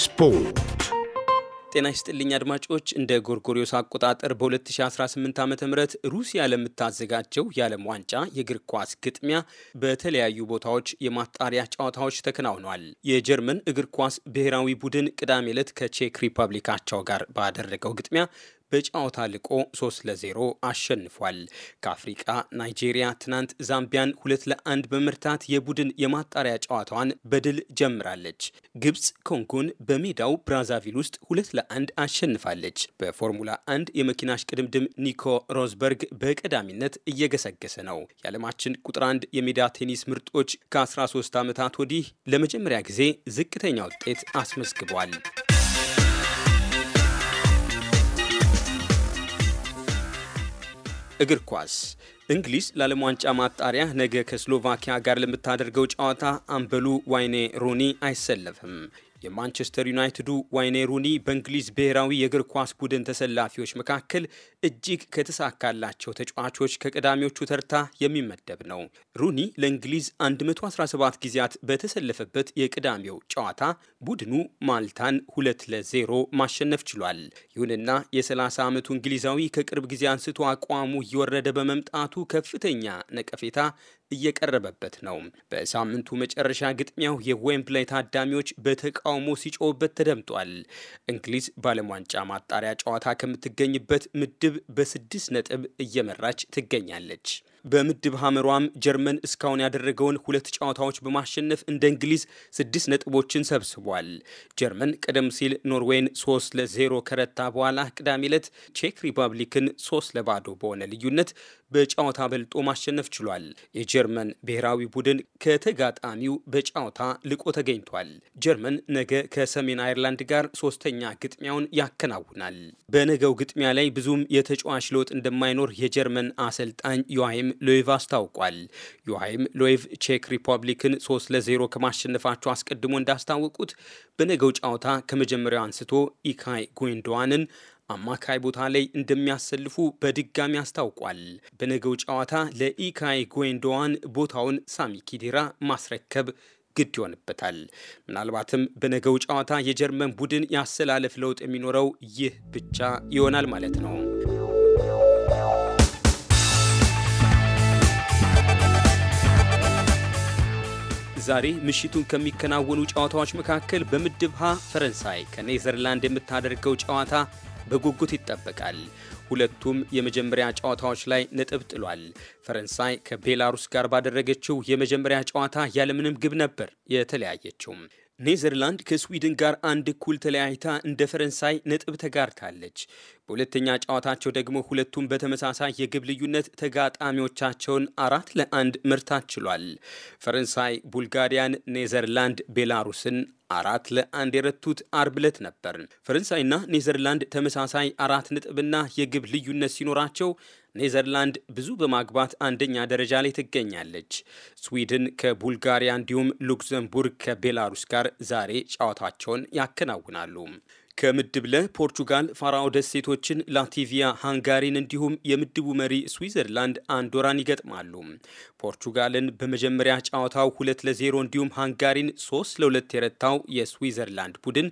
ስፖርት ጤና ይስጥልኝ አድማጮች። እንደ ጎርጎሪዮስ አቆጣጠር በ2018 ዓ ም ሩሲያ ለምታዘጋጀው የዓለም ዋንጫ የእግር ኳስ ግጥሚያ በተለያዩ ቦታዎች የማጣሪያ ጨዋታዎች ተከናውኗል። የጀርመን እግር ኳስ ብሔራዊ ቡድን ቅዳሜ ዕለት ከቼክ ሪፐብሊካቸው ጋር ባደረገው ግጥሚያ በጨዋታ ልቆ 3 ለ0 አሸንፏል። ከአፍሪቃ ናይጄሪያ ትናንት ዛምቢያን 2 ለ1 በመርታት የቡድን የማጣሪያ ጨዋታዋን በድል ጀምራለች። ግብፅ ኮንጎን በሜዳው ብራዛቪል ውስጥ 2 ለ1 አሸንፋለች። በፎርሙላ 1 የመኪና እሽቅድምድም ኒኮ ሮዝበርግ በቀዳሚነት እየገሰገሰ ነው። የዓለማችን ቁጥር አንድ የሜዳ ቴኒስ ምርጦች ከ13 ዓመታት ወዲህ ለመጀመሪያ ጊዜ ዝቅተኛ ውጤት አስመዝግቧል። እግር ኳስ እንግሊዝ ለዓለም ዋንጫ ማጣሪያ ነገ ከስሎቫኪያ ጋር ለምታደርገው ጨዋታ አምበሉ ዋይኔ ሩኒ አይሰለፍም። የማንቸስተር ዩናይትዱ ዋይኔ ሩኒ በእንግሊዝ ብሔራዊ የእግር ኳስ ቡድን ተሰላፊዎች መካከል እጅግ ከተሳካላቸው ተጫዋቾች ከቀዳሚዎቹ ተርታ የሚመደብ ነው። ሩኒ ለእንግሊዝ 117 ጊዜያት በተሰለፈበት የቅዳሜው ጨዋታ ቡድኑ ማልታን 2 ለ 0 ማሸነፍ ችሏል። ይሁንና የ30 ዓመቱ እንግሊዛዊ ከቅርብ ጊዜ አንስቶ አቋሙ እየወረደ በመምጣቱ ከፍተኛ ነቀፌታ እየቀረበበት ነው። በሳምንቱ መጨረሻ ግጥሚያው የዌምብላይ ታዳሚዎች በተቃውሞ ሲጮውበት ተደምጧል። እንግሊዝ ባለም ዋንጫ ማጣሪያ ጨዋታ ከምትገኝበት ምድብ በስድስት ነጥብ እየመራች ትገኛለች። በምድብ ሀመሯም ጀርመን እስካሁን ያደረገውን ሁለት ጨዋታዎች በማሸነፍ እንደ እንግሊዝ ስድስት ነጥቦችን ሰብስቧል። ጀርመን ቀደም ሲል ኖርዌይን ሶስት ለዜሮ ከረታ በኋላ ቅዳሜ ዕለት ቼክ ሪፐብሊክን ሶስት ለባዶ በሆነ ልዩነት በጨዋታ በልጦ ማሸነፍ ችሏል። የጀርመን ብሔራዊ ቡድን ከተጋጣሚው በጨዋታ ልቆ ተገኝቷል። ጀርመን ነገ ከሰሜን አይርላንድ ጋር ሶስተኛ ግጥሚያውን ያከናውናል። በነገው ግጥሚያ ላይ ብዙም የተጫዋች ለውጥ እንደማይኖር የጀርመን አሰልጣኝ ዮሃይም ሎይቭ አስታውቋል። ዮሐይም ሎይቭ ቼክ ሪፐብሊክን 3 ለ0 ከማሸነፋቸው አስቀድሞ እንዳስታወቁት በነገው ጨዋታ ከመጀመሪያው አንስቶ ኢካይ ጎንዶዋንን አማካይ ቦታ ላይ እንደሚያሰልፉ በድጋሚ አስታውቋል። በነገው ጨዋታ ለኢካይ ጎንዶዋን ቦታውን ሳሚ ኪዲራ ማስረከብ ግድ ይሆንበታል። ምናልባትም በነገው ጨዋታ የጀርመን ቡድን ያሰላለፍ ለውጥ የሚኖረው ይህ ብቻ ይሆናል ማለት ነው። ዛሬ ምሽቱን ከሚከናወኑ ጨዋታዎች መካከል በምድብ ሀ ፈረንሳይ ከኔዘርላንድ የምታደርገው ጨዋታ በጉጉት ይጠበቃል። ሁለቱም የመጀመሪያ ጨዋታዎች ላይ ነጥብ ጥሏል። ፈረንሳይ ከቤላሩስ ጋር ባደረገችው የመጀመሪያ ጨዋታ ያለምንም ግብ ነበር የተለያየችው። ኔዘርላንድ ከስዊድን ጋር አንድ እኩል ተለያይታ እንደ ፈረንሳይ ነጥብ ተጋርታለች። በሁለተኛ ጨዋታቸው ደግሞ ሁለቱም በተመሳሳይ የግብ ልዩነት ተጋጣሚዎቻቸውን አራት ለአንድ መርታት ችሏል። ፈረንሳይ ቡልጋሪያን፣ ኔዘርላንድ ቤላሩስን አራት ለአንድ የረቱት አርብ ዕለት ነበር። ፈረንሳይና ኔዘርላንድ ተመሳሳይ አራት ነጥብና የግብ ልዩነት ሲኖራቸው ኔዘርላንድ ብዙ በማግባት አንደኛ ደረጃ ላይ ትገኛለች። ስዊድን ከቡልጋሪያ እንዲሁም ሉክዘምቡርግ ከቤላሩስ ጋር ዛሬ ጨዋታቸውን ያከናውናሉ። ከምድብ ለ ፖርቹጋል ፋራኦ ደሴቶችን፣ ላቲቪያ ሃንጋሪን፣ እንዲሁም የምድቡ መሪ ስዊዘርላንድ አንዶራን ይገጥማሉ። ፖርቹጋልን በመጀመሪያ ጨዋታው ሁለት ለዜሮ እንዲሁም ሃንጋሪን ሶስት ለሁለት የረታው የስዊዘርላንድ ቡድን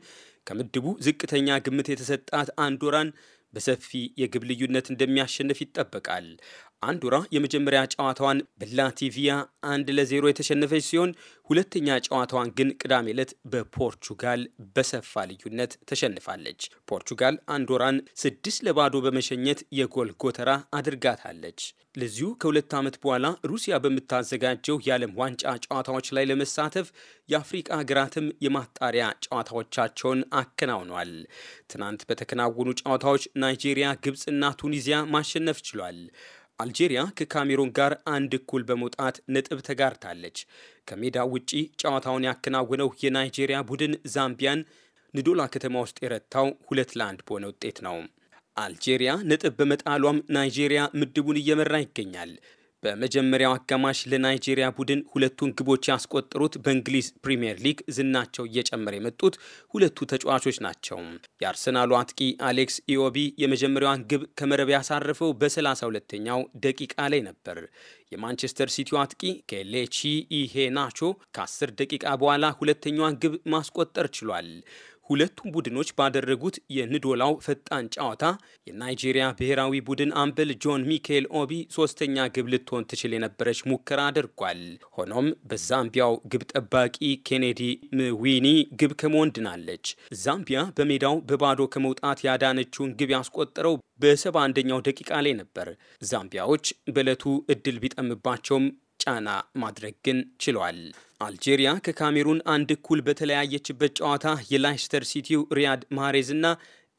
ከምድቡ ዝቅተኛ ግምት የተሰጣት አንዶራን በሰፊ የግብ ልዩነት እንደሚያሸንፍ ይጠበቃል። አንዱራ የመጀመሪያ ጨዋታዋን በላቲቪያ አንድ ለዜሮ የተሸነፈች ሲሆን ሁለተኛ ጨዋታዋን ግን ቅዳሜ ዕለት በፖርቹጋል በሰፋ ልዩነት ተሸንፋለች። ፖርቹጋል አንዶራን ስድስት ለባዶ በመሸኘት የጎል ጎተራ አድርጋታለች። ለዚሁ ከሁለት ዓመት በኋላ ሩሲያ በምታዘጋጀው የዓለም ዋንጫ ጨዋታዎች ላይ ለመሳተፍ የአፍሪቃ ሀገራትም የማጣሪያ ጨዋታዎቻቸውን አከናውኗል። ትናንት በተከናወኑ ጨዋታዎች ናይጄሪያ፣ ግብፅና ቱኒዚያ ማሸነፍ ችሏል። አልጄሪያ ከካሜሩን ጋር አንድ እኩል በመውጣት ነጥብ ተጋርታለች። ከሜዳ ውጪ ጨዋታውን ያከናወነው የናይጄሪያ ቡድን ዛምቢያን ንዶላ ከተማ ውስጥ የረታው ሁለት ለአንድ በሆነ ውጤት ነው። አልጄሪያ ነጥብ በመጣሏም ናይጄሪያ ምድቡን እየመራ ይገኛል። በመጀመሪያው አጋማሽ ለናይጄሪያ ቡድን ሁለቱን ግቦች ያስቆጠሩት በእንግሊዝ ፕሪምየር ሊግ ዝናቸው እየጨመረ የመጡት ሁለቱ ተጫዋቾች ናቸው። የአርሰናሉ አጥቂ አሌክስ ኢዮቢ የመጀመሪያዋን ግብ ከመረብ ያሳረፈው በ32ኛው ደቂቃ ላይ ነበር። የማንቸስተር ሲቲው አጥቂ ኢሄ ናቾ ከ10 ደቂቃ በኋላ ሁለተኛዋን ግብ ማስቆጠር ችሏል። ሁለቱም ቡድኖች ባደረጉት የንዶላው ፈጣን ጨዋታ የናይጄሪያ ብሔራዊ ቡድን አምበል ጆን ሚካኤል ኦቢ ሶስተኛ ግብ ልትሆን ትችል የነበረች ሙከራ አድርጓል። ሆኖም በዛምቢያው ግብ ጠባቂ ኬኔዲ ምዊኒ ግብ ከመሆን ድናለች። ዛምቢያ በሜዳው በባዶ ከመውጣት ያዳነችውን ግብ ያስቆጠረው በሰባ አንደኛው ደቂቃ ላይ ነበር። ዛምቢያዎች በዕለቱ እድል ቢጠምባቸውም ጫና ማድረግ ግን ችሏል። አልጄሪያ ከካሜሩን አንድ እኩል በተለያየችበት ጨዋታ የላይስተር ሲቲው ሪያድ ማሬዝ እና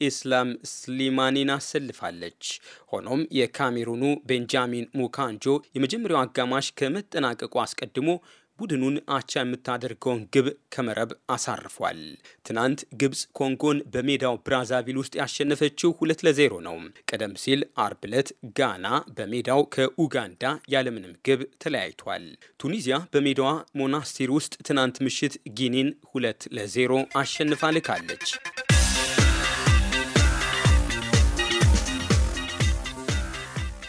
ኢስላም ስሊማኒን አሰልፋለች። ሆኖም የካሜሩኑ ቤንጃሚን ሙካንጆ የመጀመሪያው አጋማሽ ከመጠናቀቁ አስቀድሞ ቡድኑን አቻ የምታደርገውን ግብ ከመረብ አሳርፏል። ትናንት ግብፅ ኮንጎን በሜዳው ብራዛቪል ውስጥ ያሸነፈችው ሁለት ለዜሮ ነው። ቀደም ሲል አርብ ዕለት ጋና በሜዳው ከኡጋንዳ ያለምንም ግብ ተለያይቷል። ቱኒዚያ በሜዳዋ ሞናስቲር ውስጥ ትናንት ምሽት ጊኒን ሁለት ለዜሮ አሸንፋ ልካለች።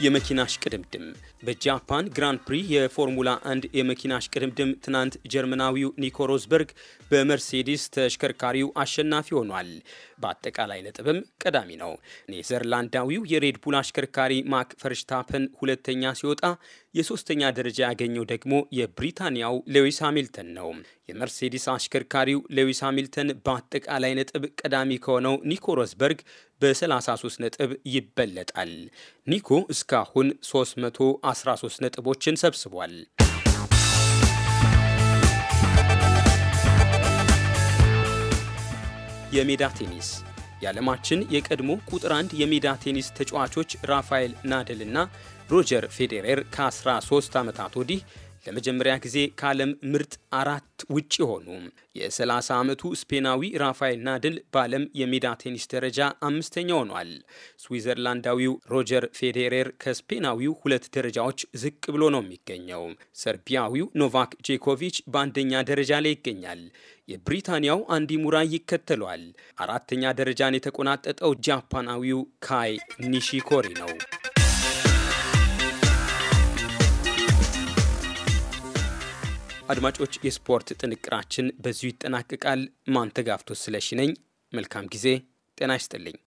የመኪና እሽቅድምድም በጃፓን ግራንድ ፕሪ የፎርሙላ 1 የመኪና እሽቅድምድም ትናንት ጀርመናዊው ኒኮ ሮዝበርግ በመርሴዲስ ተሽከርካሪው አሸናፊ ሆኗል። በአጠቃላይ ነጥብም ቀዳሚ ነው። ኔዘርላንዳዊው የሬድቡል አሽከርካሪ ማክ ፈርሽታፐን ሁለተኛ ሲወጣ የሶስተኛ ደረጃ ያገኘው ደግሞ የብሪታንያው ሌዊስ ሃሚልተን ነው። የመርሴዲስ አሽከርካሪው ሌዊስ ሃሚልተን በአጠቃላይ ነጥብ ቀዳሚ ከሆነው ኒኮ ሮዝበርግ በ33 ነጥብ ይበለጣል። ኒኮ እስካሁን 313 ነጥቦችን ሰብስቧል። የሜዳ ቴኒስ የዓለማችን የቀድሞ ቁጥር አንድ የሜዳ ቴኒስ ተጫዋቾች ራፋኤል ናደልና ሮጀር ፌዴሬር ከ13 ዓመታት ወዲህ ለመጀመሪያ ጊዜ ከዓለም ምርጥ አራት ውጭ ሆኑ። የ30 ዓመቱ ስፔናዊ ራፋኤል ናድል በዓለም የሜዳ ቴኒስ ደረጃ አምስተኛ ሆኗል። ስዊዘርላንዳዊው ሮጀር ፌዴሬር ከስፔናዊው ሁለት ደረጃዎች ዝቅ ብሎ ነው የሚገኘው። ሰርቢያዊው ኖቫክ ጄኮቪች በአንደኛ ደረጃ ላይ ይገኛል። የብሪታንያው አንዲ ሙራይ ይከተሏል። አራተኛ ደረጃን የተቆናጠጠው ጃፓናዊው ካይ ኒሺኮሪ ነው። አድማጮች፣ የስፖርት ጥንቅራችን በዚሁ ይጠናቀቃል። ማንተጋፍቶ ስለሺ ነኝ። መልካም ጊዜ። ጤና ይስጥልኝ።